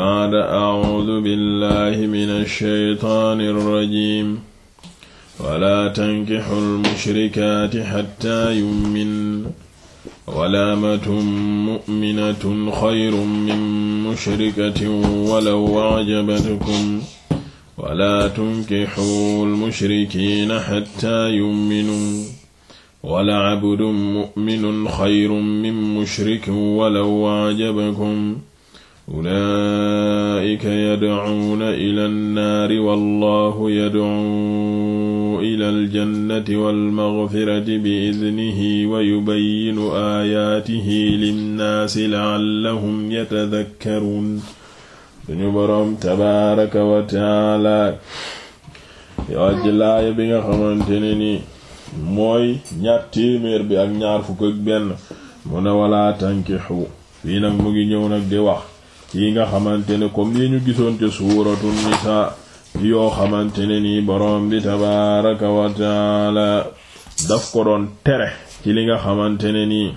baada acuudu billahi min alshaytaani alrajim wala tankixu almushrikaati xatta yummin wala amatun muminatun xayrun min mushrikatin walaw acjabatkum wala tunkixu almushrikiina xatta yuminuu wala cabdun muminun xayrun min mushrikin walaw acjabakum ulaa'ika yad'uuna ila nnaari wallahu yad'uu ila aljannati walmaghfirati biidnihi wa yubayyinu aayaatihi linnaasi la'allahum yatadhakkaruun suñu boroom tabaaraka wa ta'aala yowaj laaya bi nga xamante ne ni mooy ñaar téeméer bi ak ñaar fukk ak benn mu ne walaa tankixu fii nag mu ngi ñëw nag di wax yi nga xamante ne comme yi ñu gisoon ca suuratul nisaa yoo xamante ne nii boroom bi tabaaraka wa daf ko doon tere ci li nga xamante ne nii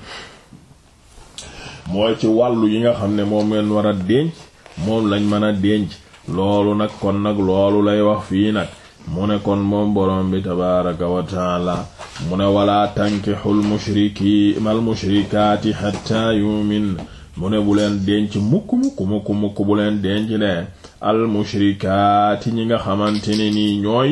mooy ci wàllu yi nga xam ne moom leen war a denc moom lañ mën a denc loolu nag kon nag loolu lay wax fii nag mu ne kon moom borom bi tabaaraka wa mu ne walaa tankixul mushriki mal mushrikaati xatta yumin mu ne bu leen denc mukk mukk mukk mukk bu leen denc de al mushrikaati ñi nga xamante ne nii ñooy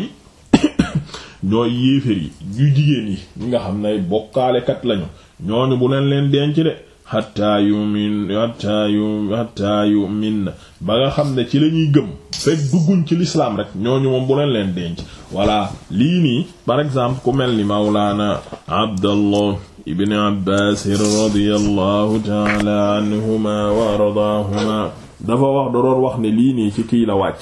ñooy yéefér yi yu jigéen yi ñi nga xam ne bokkaalekat lañu ñooñu bu leen leen denc de hatta yumin hatta yu min yumin ba nga xam ne ci lañuy ñuy gëm fekk dugguñ ci l'islam rek ñooñu moom bu leen leen denc voilà lii nii par exemple ku mel ni mawlaana abdallah ibni abbaasin radiyallahu taala wax da doon wax ne lii nii ci kii la wàcc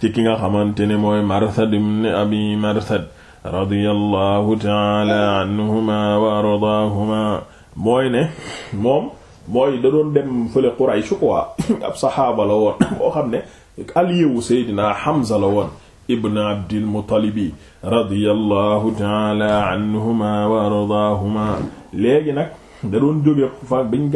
ci ki nga xamante ne mooy marsad ibn abi marsad radiyallahu taala anhuma mooy ne moom mooy da doon dem fële Quraysh quoi ab saxaaba la woon boo xam ne aliyewu Seydina Hamza la woon ibn abdil muttalibi radiyallahu taala anhuma léegi nag da doon jóge fa biñ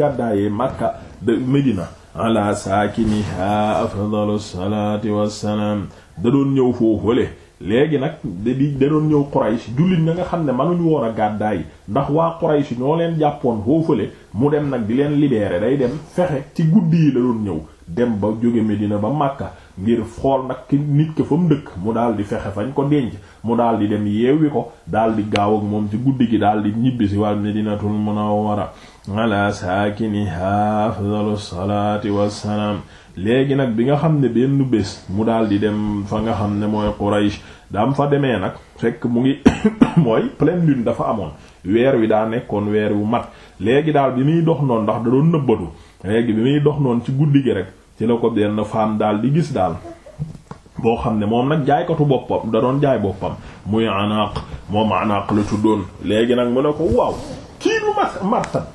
Makka de Medina ala saakiniha afdalu salaati wassalaam da ñëw foofule léegi nag da di ñëw Quraysh jullit na nga xam ne mënuñu woon a gàddaay ndax waa Quraysh ñoo leen jàppoon foofule mu dem nag di leen libeere day dem fexe ci guddi yi la doon ñëw dem ba jóge Medina ba Makka ngir xool nag ki nit ko fa mu dëkk mu daal di fexe fañ ko denc mu daal di dem yeewi ko daal di gaaw ak moom ci guddi gi daal di ñibbi si wàll Madinatul Munawwara ala saakiniha afdalu salaati wassalaam léegi nag bi nga xam ne benn bés mu daal di dem fa nga xam ne mooy Quraysh daam fa demee nag fekk mu ngi mooy pleine lune dafa amoon weer wi daa nekkoon weer wu mat léegi daal bi muy dox noon ndax da doon nëbbatu léegi bi muy dox noonu ci guddi gi rek ci la ko benn femme daal di gis daal boo xam ne moom nag jaaykatu boppam da doon jaay boppam muy anaq moom anaq la tuddoon léegi nag mu ne ko waaw kii lu ma marsad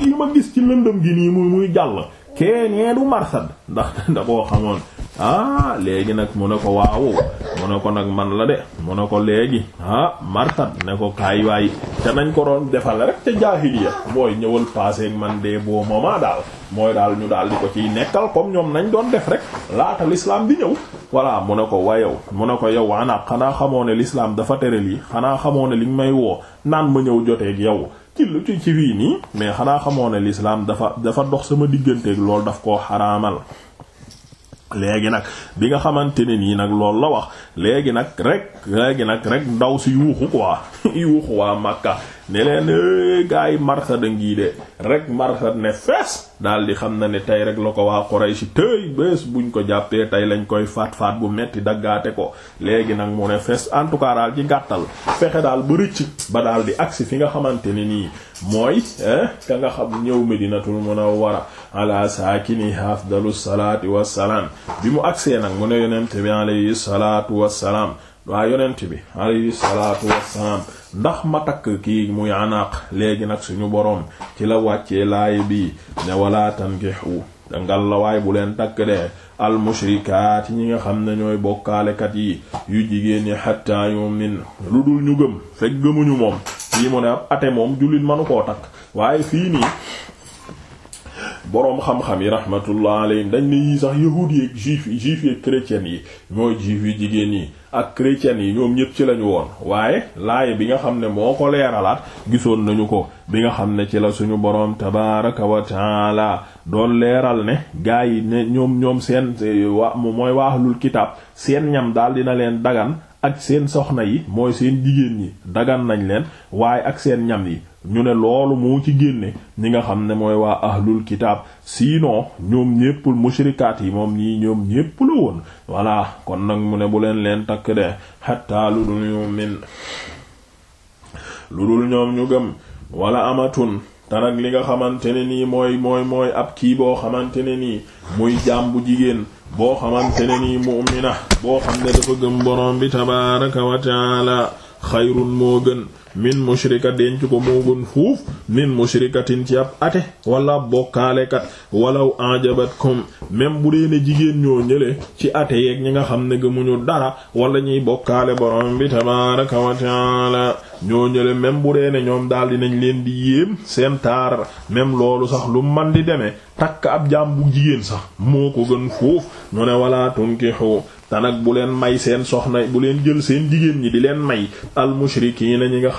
kii ma gis ci lëndëm gi nii muy muy jàll kee nee marsad ndax da koo xamoon ah léegi nag mu ne ko waaw mu ne ko nag man la de mu ne ko léegi ah martat ne ko kaay waay te nañ ko doon defal rek ca jaahiliya mooy ñëwal passé man de boo moment daal mooy daal ñu daal di ko ciy nekkal comme ñoom nañ doon def rek laata l'islam di ñëw voilà mu ne ko wayow mu ne ko yow ana xanaa xamoo ne l'islam dafa tere lii xanaa xamoon ne li may woo naan ma ñëw joteek yow ci lu ci ci fii nii mais xanaa xamoo ne l'islam dafa dafa dox sama digganteeg loolu daf koo xaraamal léegi nag bi nga xamante ne nii nag loolu la wax léegi nag rek léegi nag rek ndaw si yuuxu quoi yuuxu waa Makka ne leen gaa yi marsada ngii de rek marsad ne fees daal di xam na ne tey rek la ko waa Quraysh tey bés buñ ko jàppee tey lañ koy faat faat bu metti daggaate ko léegi nag mu ne fees en tout cas daal ci gàttal fexe daal bu rëcc ba daal di agsi fi nga xamante ne nii mooy eh, ka nga xam ñëw Medinatul Munawwara ala saakini afdalu salaati wassalaam bi mu agsee nag mu ne yonent bi alayhi salaatu wassalaam waa yonent bi alayhi salaatu wassalaam ndax ma takk kii muy anaq léegi nag suñu boroom ci la wàccee laay bi ne wala tankihu da ngal la bu leen takk de al mushrikaat ñi nga xam ne ñooy bokkaalekat yi yu jigéen ñi hatta yu'min lu dul ñu gëm fekk gëmuñu moom fii mu ne ab ate moom jullit manu koo takk waaye fii nii boroom xam-xam yi rahmatullah alayhim dañu ne yii sax yahuud yi juif yi juif yi ak yi mooy juif yi jigéen yi ak chrétiens yi ñoom ñépp ci lañu woon waaye laaya bi nga xam ne moo ko leeralaat gisoon nañu ko bi nga xam ne ci la suñu boroom tabaraka wa taala doon leeral ne gaa yi ne ñoom ñoom seen mooy waaxlul kitaab seen ñam daal dina leen dagan ak seen soxna yi mooy seen jigéen ñi dagan nañ leen waaye ak seen ñam yi ñu ne loolu moo ci génne ñi nga xam ne mooy waa ahlul kitaab sinon ñoom ñépp mushrikaat yi moom ñii ñoom ñépp la woon voilà kon nag mu ne bu leen leen takk de xatta lu dul ñu min ñoom ñu gëm wala amatun te li nga xamante ne nii mooy kii boo xamante ne nii muy jigéen boo xamante ne nii mu'mina boo xam ne dafa gëm borom bi tabaaraka wa taala moo gën min mushrika denc ko moo gën fuuf min mushrikatin ci ab ate wala bokkaalekat walaw anjabatkum même bu dee ne jigéen ñoo ñële ci ate yeeg ñi nga xam ne gëmuñu dara wala ñuy bokkaale borom bi tabaaraka wa taala ñoo ñële même bu dee ne ñoom daal dinañ leen di yéem seen taar même loolu sax lu man di demee takk ab jaam bu jigéen sax moo ko gën fuuf ñu ne wala tunkihu tanak bu leen may seen soxna bu leen jël seen jigéen ñi di leen may al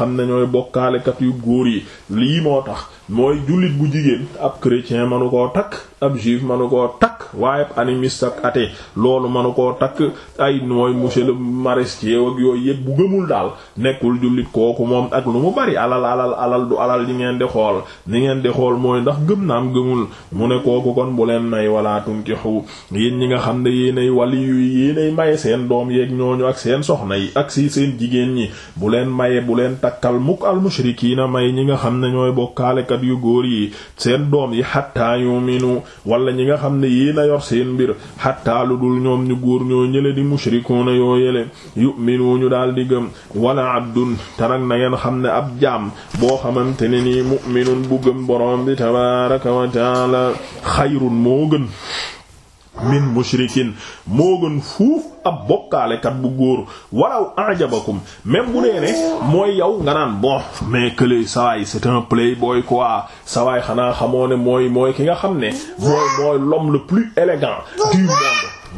xam ne ñooy bokkaalekat yu góor yi lii moo tax mooy jullit bu jigéen ab chrétien manu koo takk ab juif manu koo takk waaye ab animiste ak athée loolu manu koo takk ay mooy monsieur le maréchal ak yooyu yëpp bu gëmul daal nekkul jullit kooku moom ak lu mu bari alal alal alal du alal yi ngeen di xool ni ngeen di xool mooy ndax gëm naam gëmul mu ne kooku kon bu leen walaatum walaa tunkixu yéen ñi nga xam ne yéenay wali yu yéenay maye seen doom yeeg ñooñu ak seen soxna yi ak si seen jigéen ñi bu leen maye bu leen takkal mukk al mushrikiina may ñi nga xam ne ñooy jàngalekat yu góor yi seen doom yi xattaa yuminu wala ñi nga xam ne yéen a yor seen mbir xattaa lu dul ñoom ñu góor ñoo ñële di mushrikuuna yoo yu yuminu ñu daal di gëm wala abdun te na ngeen xam ne ab jaam boo xamante ne nii mu'minun bu gëm borom bi tabaraka wa taala xayrun moo gën min mushrikin moo gën fuuf ab bokkaalekat bu góor walaw ajabakum même bu nee mooy yow nga naan bon mais que sawaay c'est un playboy quoi sawaay xanaa xamoo ne mooy mooy ki nga xam ne mooy mooy l'homme le plus élégant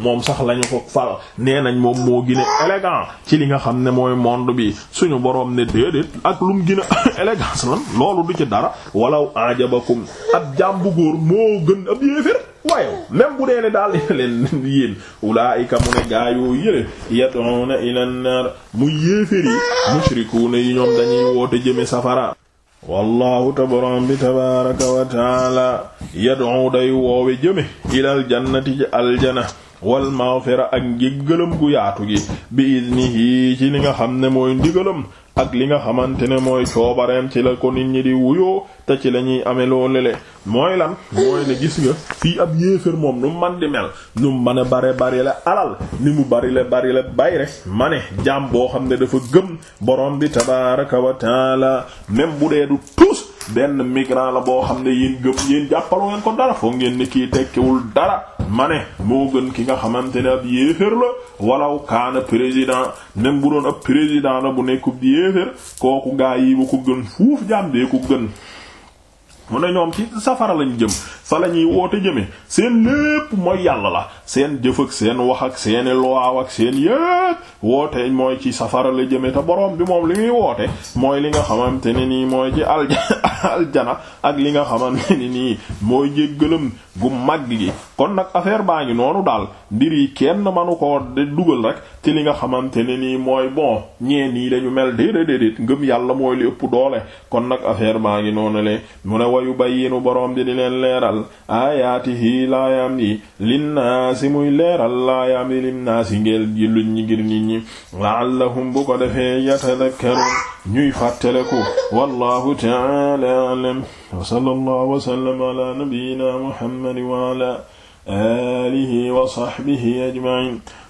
moom sax lañu ko fal nee nañ moom moo gën a ci li nga xam ne mooy monde bi suñu boroom ne déedéet ak lu mu gën a élégance lan loolu du ci dara walaw ajabakum ab jaam bu góor moo gën ab yéefér waaye même bu dee ne daal dina leen yéen ulaayika mu ne gaa yoo yële yad'una ila an-nar yi ñoom dañuy woote jëme safara wallahu taborom bi tabaraka wa taala yad'u woowe jëme ilal jannati ci aljana wal ak njéggalam gu yaatu gi bi idnihi ci li nga xam ne mooy ndigalam ak li nga xamante ne mooy coobareem ci la ko nit ñi di wuyoo te ci la ñuy amee loolu le mooy lan mooy ne gis nga fii ab yéefér moom nu man di mel nu mën a bare bari la alal ni mu bari la bari la rek ma ne jaam boo xam ne dafa gëm borom bi tabaraka wa la même bu dee du tous benn migrant la boo xam ne yéen gëm yéen jàppalu ngeen ko dara foo ngeen ni kii tekkiwul dara ma ne moo gën ki nga xamante ne ab yéefér la walaw kaana président nem bu doon ab président la bu nekkub yéefér kooku gaa yi bu ko gën fuuf jaam bee ko gën mu ne ñoom ci safara lañu jëm fa la ñuy woote jëme seen lépp mooy yàlla la seen jëf ak seen wax ak seeni loaaw ak seen yépp woote mooy ci safara la jëme te borom bi moom li muy woote mooy li nga xamante ne nii mooy ci aljana ak li nga xamante ne nii mooy njéggalam gu màgg gi kon nag affaire baa ngi noonu daal mbir yi kenn mënu ko de dugal rek ci li nga xamante ne nii mooy bon ñee nii dañu mel déedéet ngëm yàlla mooy li ëpp doole kon nag affaire baa ngi noonu le mu ne wayu bayyinu boroom di di leen leeral aayaatihi laayaam yi linnaasi muy leeral laayaam yi linnaasi ngeel ji luñ ñi ñi la'allahum bu ko defee yatadakkarun ñuy fàttaleku wallahu ta'ala a'lam wa sallallahu wa sallama ala nabiyyina muhammad wa ala alihi wa sahbihi ajma'in